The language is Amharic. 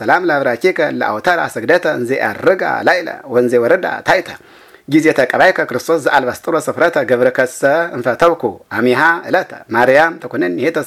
ሰላም ላብራኪከ ለአውታር አሰግደተ እንዘ ያርጋ ላይለ ወንዘ ወረዳ ታይተ ጊዜ ተቀባይከ ክርስቶስ ዘአልባስጥሮ ስፍረተ ገብረ ከሰ እንፈተውኩ አሚሃ እለተ ማርያም ተኮነን ሄተ